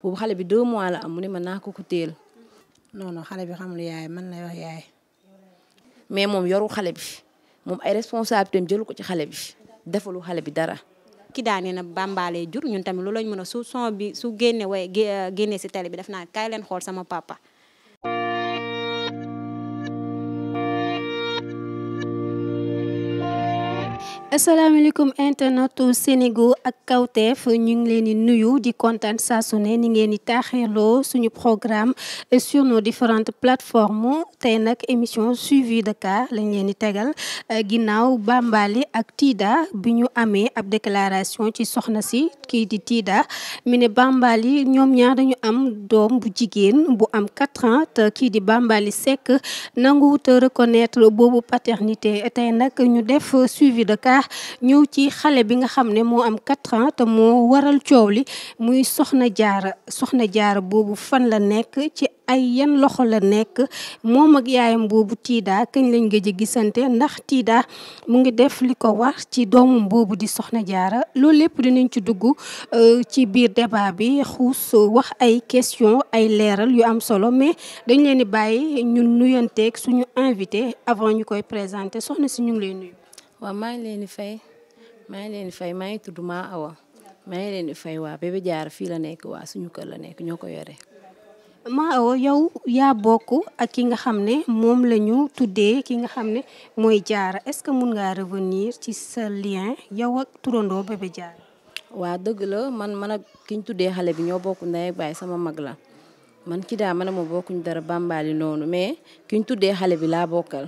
boobu xale bi deux mois la am ne ma naa ko ko téel non non xale bi xamul yaay man lay wax yaay. mais moom yoru xale bi moom ay responsabilité am jëlu ko ci xale bi defalu xale bi dara. ki daane na bàmbaalee jur ñun tamit lu lañ mën a su son bi su génne way génne si télé bi def naa kaay leen xool sama papa. asalaamaaleykum internetu Sénégo ak kawteef ñu ngi leen di nuyu di kontaan saa su ne ni ngeen di taaxeeloo suñu programme sur nos différentes plateformes tey nag émission suivi de cas lañ leen di tegal euh, ginnaaw bambali ak tiida bi ñu amee ab déclaration ci soxna si kii di Tida mi ne Bambaly ñoom ñaar dañu am doom bu jigéen bu am quatre ans te kii di Bambaly Seck nanguwut reconnaître boobu paternité tey nag ñu def suivi de cas ñëw ci xale bi nga xam ne moo am quatre ans te moo waral coow li muy soxna jaara soxna jaara boobu fan la nekk ci ay yan loxo la nekk moom ak yaayam boobu Tida kañ lañ gëj a gisante ndax Tida mu ngi def li ko war ci doomam boobu di soxna jaara loolu lépp dinañ ci dugg euh, ci biir débat bi xuus wax ay question ay leeral yu am solo mais dañ leen di bàyyi ñun nuyanteeg suñu invité avant ñu koy présenté soxna si ñu ngi lay nuyu. waa maa ngi leen di fay maa ngi leen fay maa ngi tudd maa awa maa ngi leen di fay waa Bébé Diarra fii la nekk waa suñu kër la nekk ñoo ko yore. maa awa yow yaa bokk ak ki nga xam ne moom la ñu tuddee ki nga xam ne mooy jaara est-ce que mun ngaa revenir ci sa lien yow ak turandoo Bébé jaar waa dëgg la man man ak ki tuddee xale bi ñoo bokk ndey ak sama mag la man ki daa man a ma bokkuñ dara bàmbaali noonu mais ki tuddee xale bi laa bokkal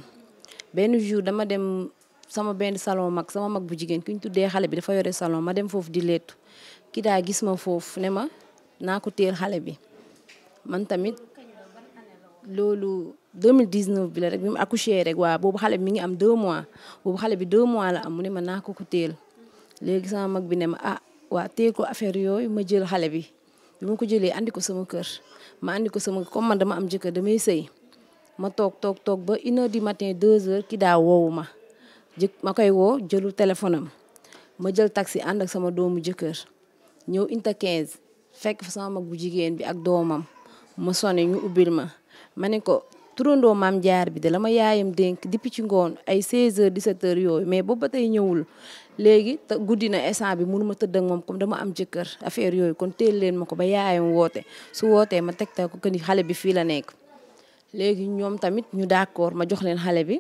benn jour dama dem. sama benn salon mag sama mag bu jigéen ki ñu tuddee xale bi dafa yore salon ma dem foofu di leetu ki daa gis ma foofu ne ma naa ko téel xale bi man tamit loolu 2019 bi la rek bi mu accouché waa boobu xale bi mi ngi am 2 mois xale bi 2 mois la am mu ne ma naa ko ko téel léegi sama mag bi ne ma ah waa téel ko affaire yooyu ma jël xale bi bi ma ko jëlee andi ko sama kër ma andi ko sama comme man dama am jëkkër damay sëy ma toog toog toog ba une heure du matin deux heures ki daa woowu ma jëkk ma koy woo jëlul téléphone am ma jël taxi ànd ak sama doomu jëkkër ñëw inta quinze fekk fa sama mag bu jigéen bi ak doomam ma sone ñu ubbil ma ma ne ko turandoo maam jaar bi de la ma yaayam dénk depuis ci ngoon ay 16h di h yooyu mais boobu ba tey ñëwul léegi te guddi na instant bi munu ma tëdd ak moom comme dama am jëkkër affaire yooyu kon teel leen ma ko ba yaayam woote su wootee ma teg tegtal ko que ni xale bi fii la nekk léegi ñoom tamit ñu d'accord ma jox leen xale bi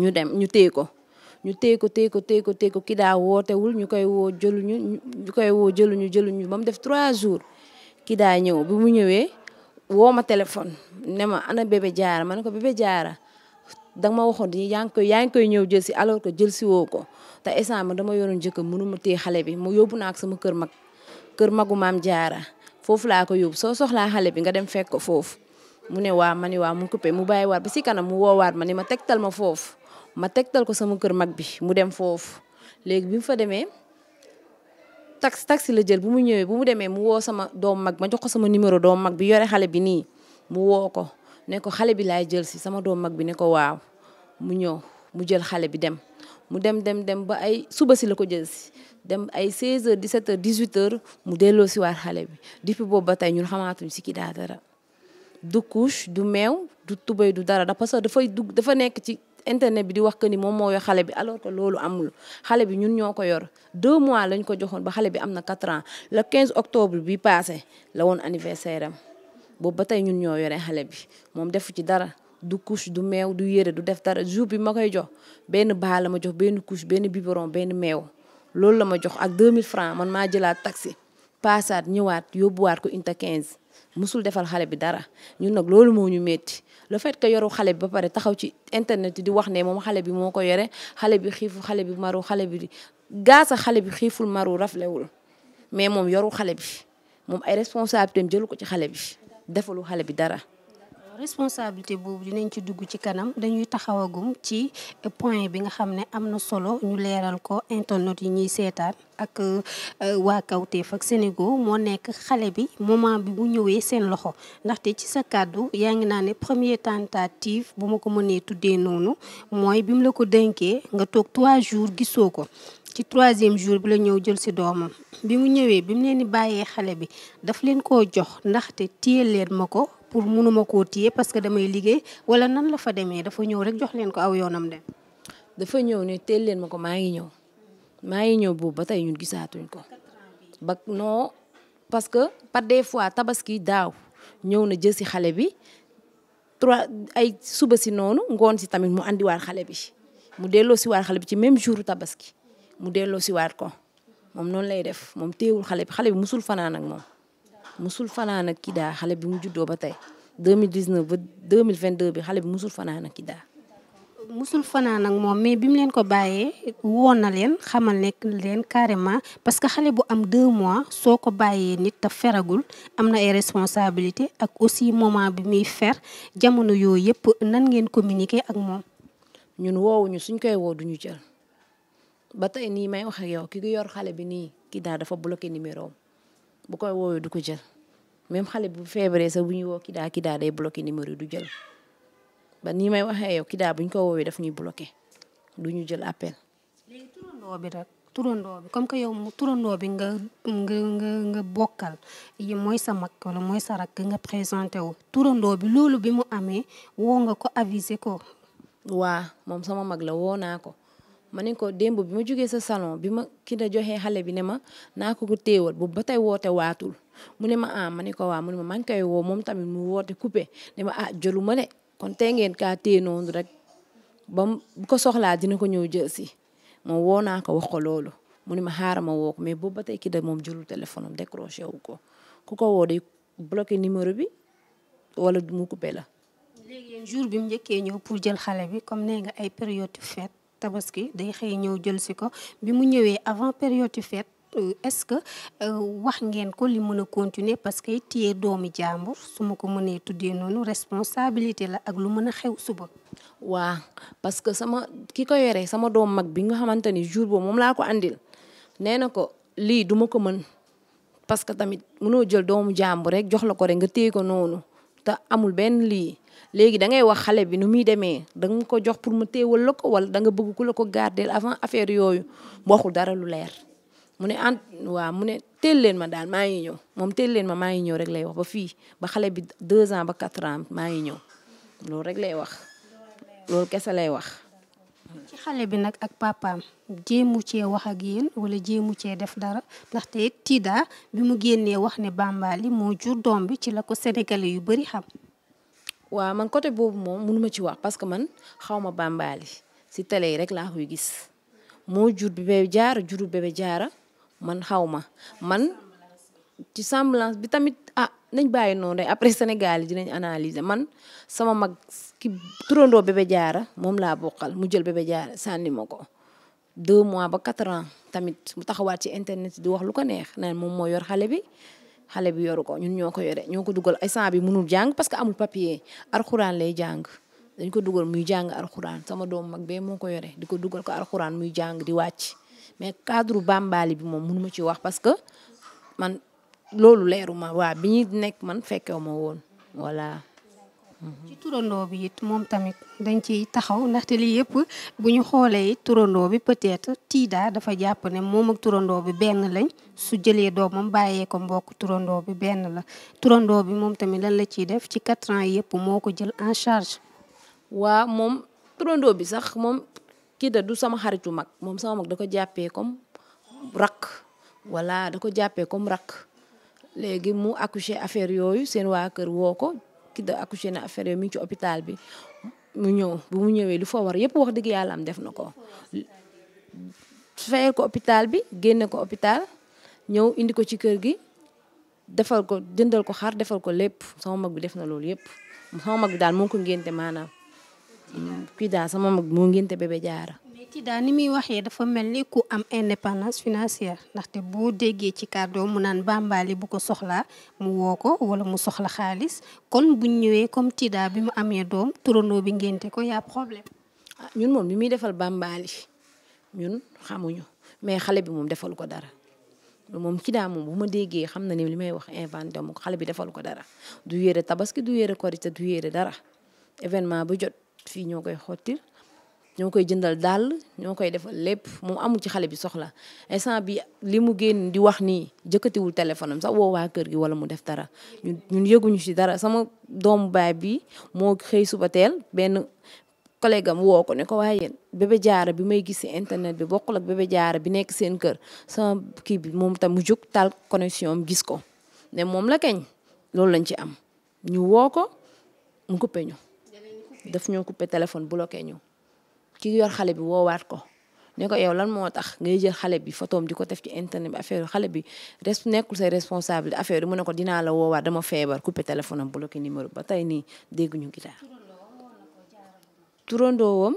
ñu dem ñu téye ko ñu téye ko téye ko ko téye ko wootewul ñu koy woo jëlu ñu koy woo jëluñu jëluñu ba mu def trois jours kiidaa ñëw bi mu ñëwee woo ma téléphone ne ma ana bébé jaara ma ne ko bébé jaara dama ma waxoon yaa ngi koy ngi koy ñëw jël si alors ko jël si woo ko te instant ma dama yoroon jëkkër mënuma téye xale bi mu yóbbu naa ak sama kër mag kër magu maam jaara foofu laa ko yóbbu soo soxlaa xale bi nga dem fekk ko foofu mu ne waa ma ne waa mu coupé mu bàyyi waat ba si kanam mu woowaat ma ni ma tegtal ma foofu ma tegtal ko sama kër mag bi mu dem foofu léegi bi mu fa demee tax si la jël bu mu ñëwee bu mu demee mu woo sama doom mag ma jox ko sama numéro doom mag bi yore xale bi nii mu woo ko ne ko xale bi laay jël si sama doom mag bi ne ko waaw mu ñëw mu jël xale bi dem mu dem dem dem ba ay suba si la ko jël si dem ay 16h 17h 18h mu delloo si waat xale bi depuis boobu ba tey ñun xamaatuñ si ki daa dara du couche du meew du tubéy du dara da parce dafay dugg dafa nekk internet bi di wax que ni moom moo yor xale bi alors que loolu amul xale bi ñun ñoo ko yor deux mois lañ ko joxoon ba xale bi am na quatre ans le quinze octobre bi passé la woon anniversaire am boobu ba tey ñun ñoo yoree xale bi moom defu ci dara du couche du meew du yére du def dara jour bi ma koy jox benn baala ma jox benn couche benn biberon benn meew loolu la ma jox ak 2000 francs man maa jëlaat taxi paasaat ñëwaat yóbbuwaat ko inta quinze musul defal xale bi dara ñun nag loolu moo ñu métti le fait que yoru xale bi ba pare taxaw ci internet di wax ne moom xale bi moo ko yore xale bi xiifu xale bi maru xale bi gaasa xale bi xiiful maru raflewul mais moom yoru xale bi moom ay responsabilité am jëlu ko ci xale bi defulu xale bi dara responsabilité boobu dinañ ci dugg ci kanam dañuy taxawagum ci point bi nga xam ne am na solo ñu leeral ko internet yi ñuy seetaan ak euh, waa Kawtef ak Sénégo moo nekk xale bi moment bi bu ñëwee seen loxo ndaxte ci sa kàddu yaa ngi naa ne première tentative bu ma ko mënee tuddee noonu mooy bi mu la ko dénkee nga toog trois jours gisoo ko ci troisième jour bi la ñëw jël si doomam bi mu ñëwee bi mu leen di bàyyee xale bi daf leen koo jox ndaxte téye leen ma ko pour mënuma koo téye parce que damay liggéey wala nan la fa demee dafa ñëw rek jox leen ko aw yoonam dem. dafa ñëw ne téye leen ma ko maa ngi ñëw maa ngi ñëw boobu ba tey ñun gisaatuñ ko ba non parce que par des fois tabaski daaw ñëw na jël si xale bi. trois ay suba si noonu ngoon si tamit mu andiwaat xale bi mu delloo si waar xale bi ci même jour tabaski mu delloo siwaat ko moom noonu lay def moom téewul xale bi xale bi musul fanaan ak moom musul fanaan ak Kida xale bi mu juddoo ba tey 2019 ba 2022 bi xale bi musul fanaan ak Kida musul fanaan ak moom mais bi mu leen ko bàyyee woon na leen xamal nekk leen carrément parce que xale bu am deux mois soo ko bàyyee nit te feragul am na ay responsabilité ak aussi moment bi muy fer jamono yooyu yëpp nan ngeen communiquer ak moom ñun woowuñu suñ koy woo duñu jël ba tey nii may wax ak yow ki yor xale bi nii kii daal dafa bloqué numéro bu koy woowee du ko jël même xale bu feebaree sax bu ñuy woo kii daa kii daa day bloqué numéro yi du jël ba nii may wax yow kii daa bu ñu ko woowee daf ñuy bloqué du ñu jël appel. léegi turandoo bi rek turandoo bi comme que yow turandoo bi nga nga nga nga bokkal yi mooy sa mag wala mooy sa rakk nga présenté wu turandoo bi loolu bi mu amee woo nga ko avisé ko. waa moom sama mag la woo naa ko. ma ne ko démb bi ma jógee sa salon bi ma ki da joxee xale bi ne ma naa ko ko téewal boobu ba tey woote waatul mu ne ma ah ma ne ko waa mu ne ma maa ngi woo moom tamit mu woote coupé ne ma ah jëlu ma ne kon tey ngeen kaa noonu rek ba bu ko soxlaa dina ko ñëw jël si moom woo naa ko wax ko loolu mu ne ma xaaral ma woo mais boobu ba tey ki moom jëlul téléphone am wu ko ku ko woode day bloqué bi wala mu coupé la. léegi jour bi njëkkee ñëw pour jël xale bi comme nee nga ay période fête tabaski day xëy ñëw jël si ko bi mu ñëwee avant période yu fête euh, est-ce que euh, wax ngeen ko li mën a continuer parce que téye doomi jàmbur su ma ko mënee tuddee noonu responsabilité la ak lu mën a xew suba. waa parce que sama ki ko yore sama doom mag bi nga xamante ni jour boobu moom laa ko andil nee na ko lii duma ko mën parce que tamit mënoo jël doomu jàmbur rek jox la ko rek nga téye ko noonu te amul benn lii. léegi da ngay wax xale bi nu muy demee danga nga ko jox pour mu téewal la ko wala da nga bëgg ku la ko garder avant affaire yooyu waxul dara lu leer mu ne en waaw mu ne teel leen ma daal maa ngi ñëw moom teel leen ma maa ngi ñëw rek lay wax ba fii ba xale bi deux ans ba quatre ans maa ngi ñëw loolu rek lay wax loolu kese lay wax. ci xale bi nag ak papaam jéemu cee wax ak yéen wala jéemu cee def dara ndaxte Tida bi mu génnee wax ne Bambaly moo jur doom bi ci la ko sénégalais yu bari xam. waaw man côté boobu moom mënuma ci wax parce que man xaw ma bàmbaali si télé yi rek laa koy gis moo jur bébé jaara juru bébé jaara man xaw ma man ci semblance bi tamit ah nañ bàyyi noonu rek après Sénégal yi dinañ analyser man sama mag ki turandoo bébé jaara moom laa bokkal mu jël bébé jaara sànni ma ko deux mois ba quatre ans tamit mu taxawaat ci internet di wax lu ko neex naan moom moo yor xale bi xale bi yoru ko ñun ñoo ko yore ñoo ko dugal instant bi mënul jàng parce que amul papier arxuraan lay jàng dañ ko dugal muy jàng alxuraan sama doom mag bee moo ko yore di ko dugal ko alxuraan muy jàng di wàcc mais cadre bambali bi moom mënu ma ci wax parce que man loolu leeru ma waa bi ñuy nekk man fekkew ma woon voilà ci turandoo bi it moom tamit dañ ciy taxaw ndaxte lii yëpp bu ñu xoolee it turandoo bi peut tiidaa dafa jàpp ne moom ak turandoo bi benn lañ su jëlee doomam bàyyee ko mbokk turandoo bi benn la turandoo bi moom tamit lañ la ciy def ci quatre ans yëpp moo ko jël en charge. waa moom turandoo bi sax moom kii du sama xaritu mag moom sama mag da ko jàppee comme rakk walla da ko jàppee comme rakk léegi mu accouché affaire yooyu seen waa kër woo ko. ki da accouché na affaire yooyu mi ngi bi mu ñëw bu mu ñëwee lu fa war yëpp wax dëgg yàlla am def na ko fayal ko hôpital bi génne ko hôpital ñëw indi ko ci kër gi defal ko jëndal ko xar defal ko lépp sama mag bi def na loolu yëpp sama mag bi daal moo ko ngénte maanaam kii daal sama mag moo ngénte bébé Tida ni muy waxee dafa mel ni ku am indépendance financière ndaxte boo déggee ci kàddoom mu naan bàmbaali bu ko soxla mu woo ko wala mu soxla xaalis kon bu ñëwee comme Tida bi mu amee doom turandoo bi ngénte ko yaa problème. ah ñun moom bi muy defal bàmbaali ñun xamuñu mais xale bi moom defal ko dara. moom ci daa moom bu ma déggee xam na ne li may wax inventé mu xale bi defal ko dara du yére tabaski du yére korite du yére dara événement bu jot fii ñoo koy xottil ñoo koy jëndal dàll ñoo koy defal lépp moom amul ci xale bi soxla instant bi li mu génn di wax nii jëkkatiwul téléphone am sax woo waa kër gi wala mu def dara ñun yëguñu ci dara sama doomu baay bi moo xëy suba teel benn collègue am woo ko waaye bébé jaara bi may gis ci internet bi bokkul ak bébé jaara bi nekk seen kër sama kii bi moom tam mu jóg taal connexion am gis ko ne moom la loolu lañ ci am ñu woo ko mu coupé ñu daf téléphone bloqué ñu ki yor xale bi woowaat ko ne ko yow lan moo tax ngay jël xale bi photoom di ko def ci internet bi affaire xale bi res nekkul say responsable affaire bi mu ne ko dinaa la woowaat dama feebar coupé téléphone am bloqué tey nii dégguñu gitaar turandoowam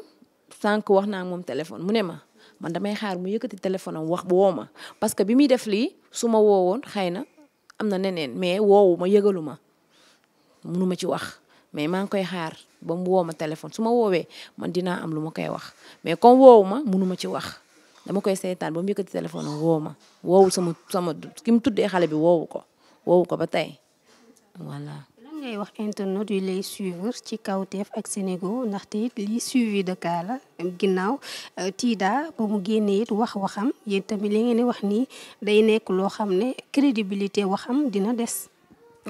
sànq wax naa moom téléphone mu ne ma man damay xaar mu yëkkati téléphone am wax woo ma parce que bi muy def lii su ma woowoon xëy na am na neneen mais woowuma ma yëgalu ma munu ma ci wax mais maa ngi koy xaar ba mu ma téléphone su ma woowee man dinaa am lu ma koy wax mais comme woowu ma munuma ci wax dama koy seetaan ba mu yëkkati téléphone am woo ma woowul sama sama ki mu tuddee xale bi woowu ko woowu ko ba tey voilà. lan ngay wax internet yu lay suivre ci Kawtef ak Senego ndaxte it lii suivi de cas la ginnaaw euh, Tida ba mu génnee it wax waxam yéen tamit li ngeen di wax nii day nekk loo xam ne crédibilité waxam dina des.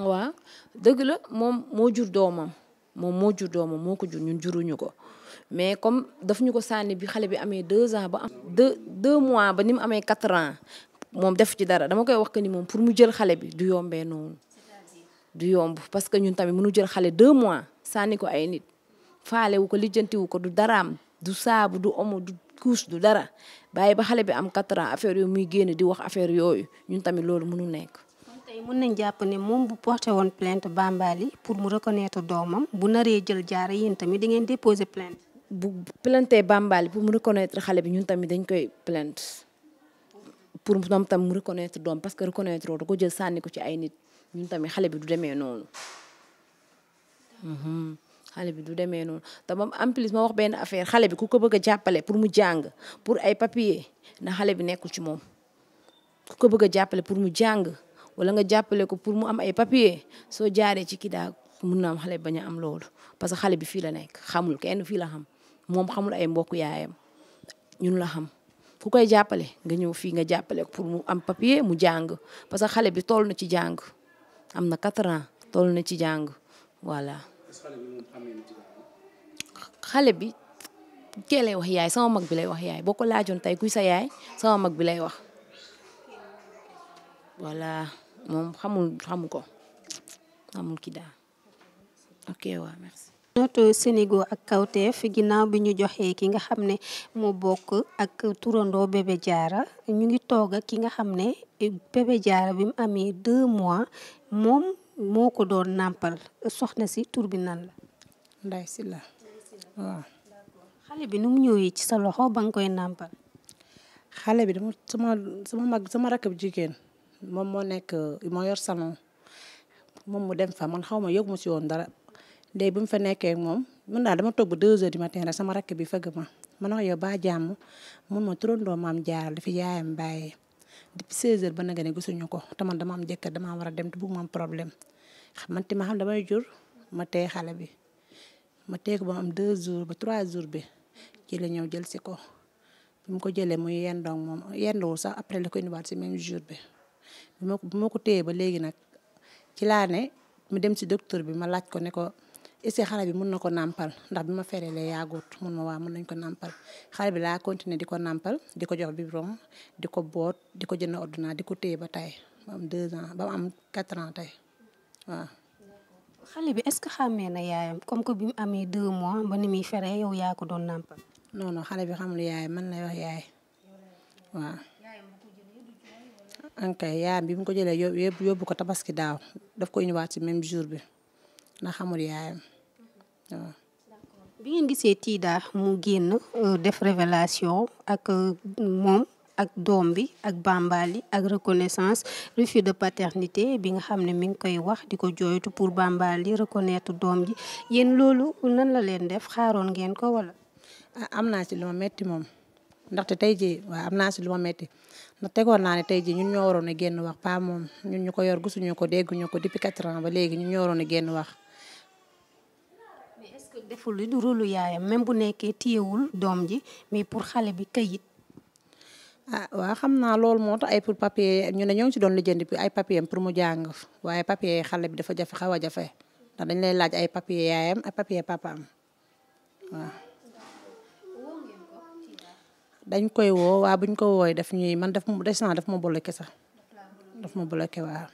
waaw dëgg la moom moo jur doomam moom moo jur doomam moo ko jur ñun juruñu ko mais comme daf ñu ko sànni bi xale bi amee deux ans ba am deux deux mois ba ni mu amee quatre ans moom def ci dara dama koy wax que ni moom pour mu jël xale bi du yombee noonu du yomb parce que ñun tamit munu jël xale deux mois sànni ko ay nit faale wu ko lijjantiwu ko du daraam du saabu du omo du couche du dara bàyyi ba xale bi am quatre ans affaire yooyu muy génn di wax affaire yooyu ñun mënu nekk tey mun na jàpp ne moom bu porté woon plainte Bambaly pour mu reconnaître doomam bu naree jël jaara yéen tamit di ngeen déposer plainte. bu plainte Bambaly pour mu reconnaître xale bi ñun tamit dañ koy plainte pour moom tam mu reconnaître doom parce que reconnaître woo da ko jël sànni ko ci ay nit ñun tamit xale bi du demee noonu. Mhm. xale bi du demee noonu te moom en plus ma wax benn affaire xale bi ku ko bëgg jàppale pour mu jàng pour ay papier na xale bi nekkul ci moom ku ko bëgg jàppale pour mu jàng. wala nga jàppale ko pour mu am ay papier so jaaree ci kii daa mun na am xale bañ a am loolu parce que xale bi fii la nekk xamul kenn fii la xam moom xamul ay mbokku yaayam ñun la xam ku koy jàppale nga ñëw fii nga jàppale ko pour mu am papier mu jàng parce que xale bi toll na ci jàng am na quatre ans toll na ci jàng voilà. xale bi kee lay wax yaay sama mag bi lay wax yaay boo ko laajoon tey kuy sa yaay sama mag bi lay wax moom xamul xamu ko xamul ki daal ok waaw ak kawteef ginnaaw bi ñu joxee ki nga xam ne moo bokk ak turandoo bébé jaara ñu ngi toog ak ki nga xam ne bébé bi mu amee deux mois moom moo ko doon nàmpal soxna si tur bi nan la. nday la waaw. xale bi nu mu ñëwee ci sa loxo ba nga koy nàmpal. xale bi dama sama sama mag sama rakk bu jigéen. moom moo nekk moo yor salon moom mu dem fa man xaw ma yogu ma si woon dara léegi bi mu fa nekkee moom mun naa dama toog ba deux heures du matin rek sama rakk bi fëgg ma man wax yow baa jàmm mun ma turandoo maam jaar dafi yaayam bàyyee depuis seize heures ba nga ne gisuñu ko te man dama am jëkkër damaa war a dem ti bug ma problème man ti ma xam damay jur ma tee xale bi ma tee ko ba am deux jours ba trois jours bi ci la ñëw jël si ko bi mu ko jëlee muy yendoog moom yendoowul sax après la ko indiwaat si même jour bi bi ma ma ko téyee ba léegi nag ci laa ne mu dem si docteur bi ma laaj ko ne ko est-ce que xale bi mun na ko nampal ndax bi ma ferelee yaagut mun ma waa mun nañ ko nampal xale bi laa continuer di ko nampal di ko jox bi biberon di ko boot di ko jënd ordonnance di ko téye ba tey ba am deux ans ba am quatre ans tey waaw. xale bi est-ce que xàmmee na yaayam comme que bi mu amee deux mois ba ni muy feree yow yaa ko doon nampal non non xale bi xamul yaay man lay wax yaay ankay yaayam bi mu ko jëlee yóbbu yóbbu ko tabaski daaw daf ko indiwaat ci même jour bi ndax xamul yaayam bi ngeen gisee Tida mu génn euh, def révélation ak euh, moom ak doom bi ak Bambali ak reconnaissance refus de paternité bi nga xam ne mi ngi koy wax di ko jooytu pour Bambali reconnaître doom ji yéen loolu nan la leen def xaaroon ngeen ko wala. Ah, am naa si lu ma metti moom ndaxte tey jii waaw am naa si lu ma metti na tegoon naa ne tey jii ñun ñoo waroon a génn wax pa moom ñun ñu ko yor gisuñu ko dégguñu ko depuis quatre ans ba léegi ñu ñoo waroon a génn wax. mais deful li du même bu nekkee téyewul doom ji mais pour xale bi kayit. ah waaw xam naa loolu moo tax ay pour papier ñu ne ñoo ngi ci doon lijjanti ay papier pour mu jàng waaye papier xale bi dafa jafe xaw a jafe ndax dañ lay laaj ay papier yaayam ay papier papaam waaw. dañu koy woo waa buñ ko wooy def ñuy man def des naa def ma bloqué sax daf ma bloqué waaw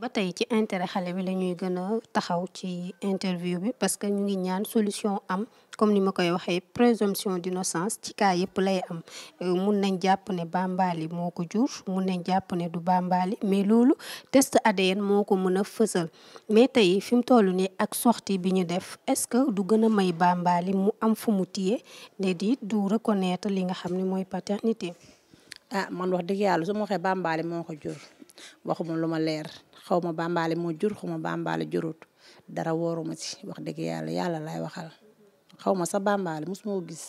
ba tey ci intérêt xale bi la ñuy gën a taxaw ci interview bi parce que ñu ngi ñaan solution am comme ni ma koy waxee présomption d'innocence ci cas yëpp lay am euh, mun nañ jàpp ne Bambaly moo ko jur mun nañ jàpp ne du Bambaly mais loolu test ADN moo ko mën a fësal mais tey fi mu toll nii ak sortie bi ñu def est-ce que du gën a may Bambaly mu am fu mu téye ne di du reconnaître li nga xam ni mooy paternité. ah man wax dëgg yàlla su ma waxee Bambaly moo ko jur waxuma lu ma leer. xaw ma bàmbaale moo jur xaw ma bàmbaale jurut dara wooruma ci wax dëgg yàlla yàlla laay waxal xaw ma sa bàmbaale mosuma ko gis.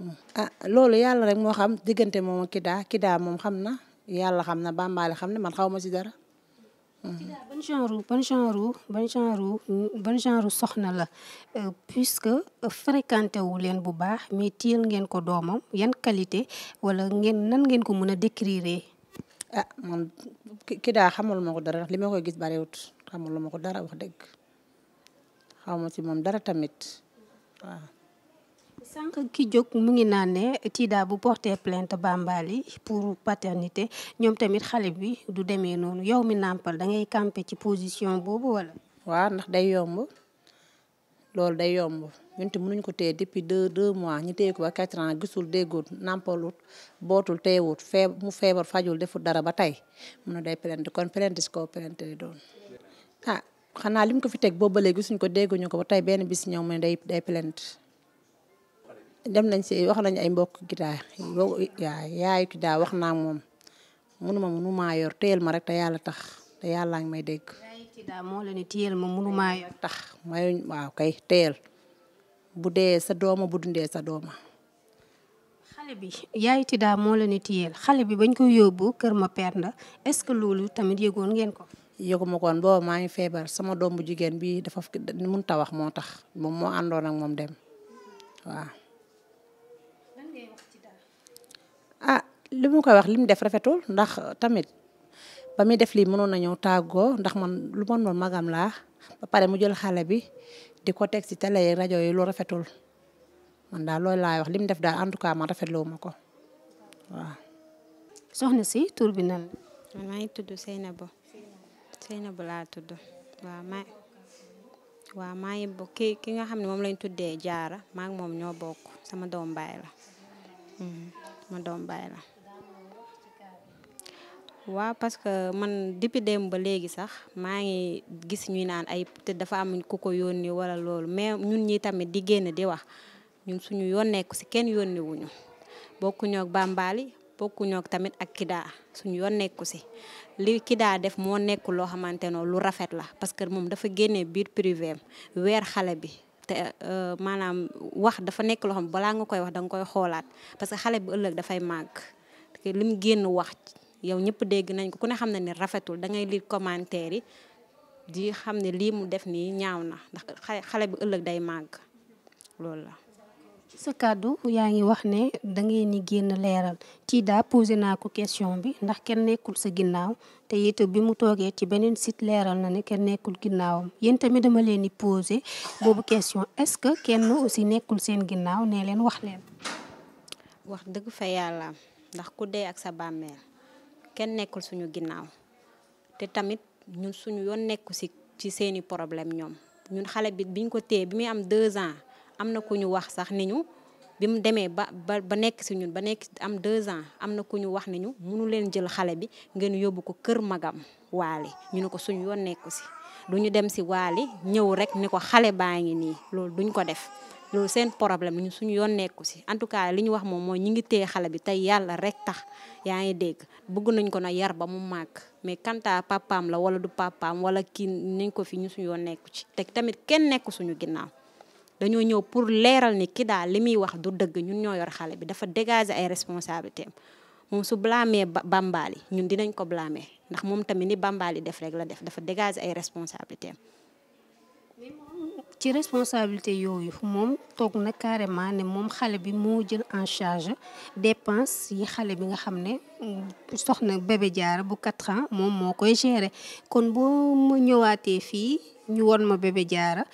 Hmm. ah loolu yàlla rek moo xam diggante moom ak Kida moom xam na yàlla xam na bàmbaale xam ne man xaw ma ci dara. Hmm. Kida ban genre ban genre ban genre soxna la euh, puisque fréquenté wu leen bu baax mais téyel ngeen ko doomam yan qualité wala ngeen nan ngeen ko mën a décrire. ah man ki daa xamul ma ko dara li ma koy gis bariwut xamul ma ko dara wax dëgg xaw ma si moom dara tamit waaw. sànq ki jóg mu ngi naan ne Tida bu porté plainte Bambaly pour paternité ñoom tamit xale bi du demee noonu yow mi nàmpal da ngay campé ci position boobu wala. waaw ndax day yomb. loolu day yomb ñun te mënuñ ko téye depuis deux deux mois ñu téye ko ba quatre ans gisul déggut nàmpalut bootul teewut fee mu feebar fajul deful dara ba tey mu ne day plainte kon plainte si kaw plainte lay doon ah xanaa lim ko fi teg boobu ba léegi gisuñ ko dégguñu ko ba tey benn bis ñëw mu day day plainte dem nañ si wax nañ ay mbokk gitaar yaay yaayu ki daa wax naa moom mënuma mënumaa yor téyel ma rek te yàlla tax te yàlla ngi may dégg daa moo la ni téyel ma munu maa yor tax mayuñ waaw kay téyel bu dee sa dooma bu dundee sa dooma xale bi yaay Tida moo la ne téyeel xale bi bañ koy yóbbu kër ma pernda est-ce que loolu tamit yëgoon ngeen ko yëguma koon booba maa ngi feebar sama doom bu jigéen bi dafa mënut a wax moo tax moom moo àndoon ak moom dem waaw ah, li mu koy wax li def rafetul ndax tamit ba muy def lii mënoon nañoo tàggoo ndax man lu ma noon magam laa ba pare mu jël xale bi di ko teg ci télé yi rajo yi lu rafetul man daal loolu laay wax li mu def daal en tout cas man rafetlu ma ko waaw. soxna si tur bi nan la. maa ngi tudd Seynabou Seynabou laa tudd waaw maa waaw maa ngi ki ki nga xam ne moom lañ tuddee jaara maa ngi moom ñoo bokk sama doom baay la hmm, sama doom baay la. waaw parce que man depuis démb ba léegi sax maa ngi gis ñuy naan ay te dafa am ku ko yónni wala loolu mais ñun ñi tamit di génn di wax ñun suñu yoon nekku si kenn yónni bokkuñook bokkuñu ak bàmbaali bokkuñu ak tamit ak kidaa suñu yoon nekku si li kidaa def moo nekk loo xamante ne lu rafet la parce que moom dafa génnee biir privé am weer xale bi te euh, maanaam wax dafa nekk loo xam balaa nga koy wax da nga koy xoolaat parce que xale bi ëllëg dafay màgg te lim génn wax. yow ñëpp dégg nañ ko ku ne xam na ne rafetul dangay ngay lire commentaire yi di xam ne lii mu def nii ñaaw na ndax xale bi ëllëg day màgg loolu la. ci sa kàddu yaa ngi wax ne da ngay ni génn leeral ci daa posé naa ko question bi ndax kenn nekkul sa ginnaaw te it bi mu toogee ci beneen sit leeral na ni kenn nekkul ginnaawam yéen tamit dama leen di posé boobu question est-ce que kenn aussi nekkul seen ginnaaw nee leen wax leen. wax dëgg fa yàlla ndax ku dee ak sa bàmmeel. kenn nekkul suñu ginnaaw te tamit ñun suñu yoon nekku si ci seeni problème ñoom ñun xale bi biñ ko téyee bi muy am deux ans am na ku ñu wax sax ni ñu bi mu demee ba ba ba nekk si ñun ba nekk am deux ans am na ku ñu wax ni ñu mënu leen jël xale bi ngeen yóbbu ko kër magam waali ñu ne ko suñu yoon nekku du ñu dem si waali ñëw rek ni ko xale baa ngi nii loolu duñ ko def loolu seen problème ñu suñu yoon nekku si en tout cas li ñu wax moom mooy ñi ngi téye xale bi tey yàlla rek tax yaa ngi dégg bëgg nañ ko na yar ba mu màgg mais kanta papaam la wala du papaam wala kii nañ ko fi ñu suñu yoon nekku ci te tamit kenn nekku suñu ginnaaw dañoo ñëw pour leeral ni ki daal li muy wax du dëgg ñun ñoo yor xale bi dafa dégager ay responsabilités moom su blâmee Bambaali ñun dinañ ko blâmer ndax moom tamit ni Bambaali def rek la def dafa dégager ay responsabilités ci responsabilité yooyu moom toog na carrément ne moom xale bi moo jël en charge dépense yi xale bi nga xam ne mm, soxna bébé jaara bu 4 ans moom moo koy gérer kon boo ma ñëwaatee fii ñu won ma bébé jaara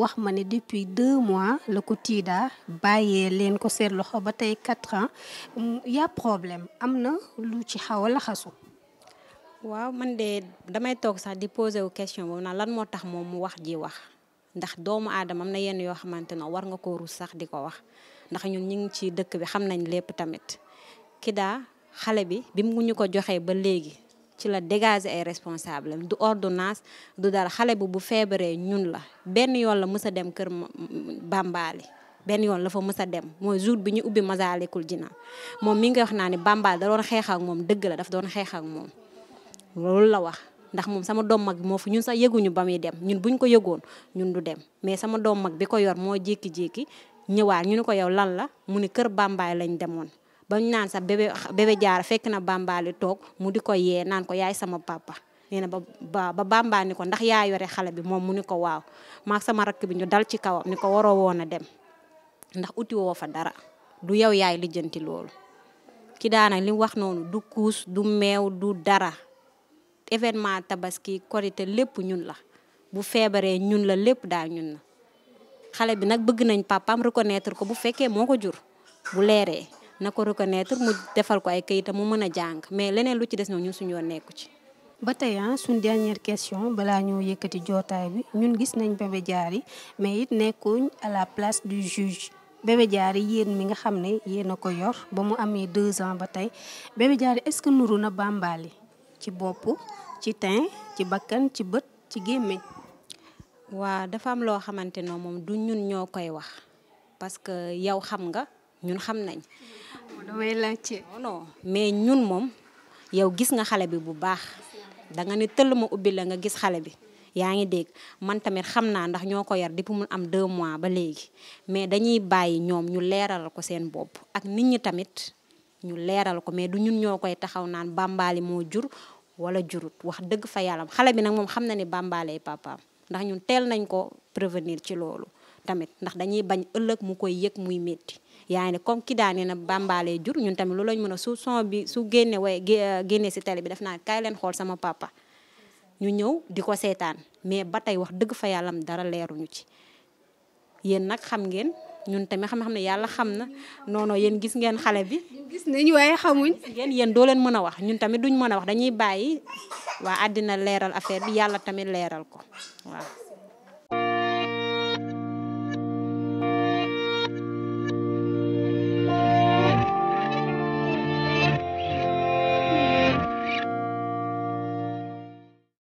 wax ma ne depuis deux mois la ko tiidaa bàyyee leen ko seen loxo ba tey quatre ans mm, y'a problème am na lu ci xaw a laxasu waaw man de damay toog sax di poser wu question boobu nag lan moo tax moom mu wax ji wax ndax doomu aadama am na yenn yoo xamante ne war nga ko ruus sax di ko wax ndax ñun ñu ngi ci dëkk bi xam nañ lépp tamit kii Kida xale bi bi mu ñu ko joxee ba léegi ci la dégager ay responsable du ordonnance du daal xale bi bu feebaree ñun la benn yoon la mës a dem kër Bambaali benn yoon la fa mës a dem mooy jour bi ñu ubbi Masaalikul Jinaan moom mi nga wax naa ni Bambaali da doon xeex ak moom dëgg la daf doon xeex ak moom loolu la wax. ndax moom sama doom mag bi moo fi ñun sax yëguñu ba muy dem ñun buñ ko yëgoon ñun du dem mais sama doom mag bi ko yor moo jékki-jékki ñëwaat ñu ne ko yow lan la mu ni kër bambaay lañ demoon ba ñu naan sax bébé bébé jaara fekk na bambaali toog mu di ko yee naan ko yaay sama papa nee na ba ba bambaa ni ko ndax yaa yore xale bi moom mu ni ko waaw maag sama rakk bi ñu dal ci kawam ni ko waroo woon a dem ndax uti woo fa dara du yow yaay lijjanti loolu ki daana du kuus du dara événement tabaski korité lépp ñun la bu feebaree ñun la lépp daal ñun na xale bi nag bëgg nañ papaam reconnaître ko bu fekkee moo ko jur bu leeree na ko reconnaître mu defal ko ay kayitam mu mën a jàng mais leneen lu ci des na ñun suñu yoon nekku ci. ba tey ah, suñ dernière question balaa ñoo yëkkati jootaay bi ñun gis nañ Bébé yi mais it nekkuñ à la place du juge Bébé Diary yéen mi nga xam ne yéen a ko yor ba mu amee deux ans ba tey Bébé Diary est-ce que nuru na Bambaly ci bopp ci teint ci bakkan ci bët ci gémmiñ waaw dafa am loo xamante ne moom du ñun ñoo koy wax parce que yow xam nga ñun xam nañ damay laajte non mais ñun moom yow gis nga xale bi bu baax da nga ne tëll ma ubbi la nga gis xale bi yaa ngi dégg man tamit xam naa ndax ñoo ko yar depuis mu am deux mois ba léegi mais dañuy bàyyi ñoom ñu leeral ko seen bopp ak nit ñi tamit ñu leeral ko mais du ñun ñoo koy taxaw naan bàmbaali moo jur wala jurut wax dëgg fa yàlla xale bi nag moom xam na ni bàmbaalee papaam ndax ñun teel nañ ko prévenir ci loolu tamit ndax dañuy bañ ëllëg mu koy yëg muy métti yaa ne comme ki daane na bàmbaalee jur ñun tamit lu lañ mën a su son bi su génne way génne si télé bi def naa kaay leen xool sama papa ñu ñëw di ko seetaan mais ba tey wax dëgg fa yàllam dara leeruñu ci yéen nag xam ngeen ñun tamit xam xam ne yàlla xam na non non yéen gis ngeen xale bi. gis nañ waaye xamuñ. ngeen yéen doo leen mën a wax ñun tamit duñ mën a wax dañuy bàyyi waa àddina leeral affaire bi yàlla tamit leeral ko waaw.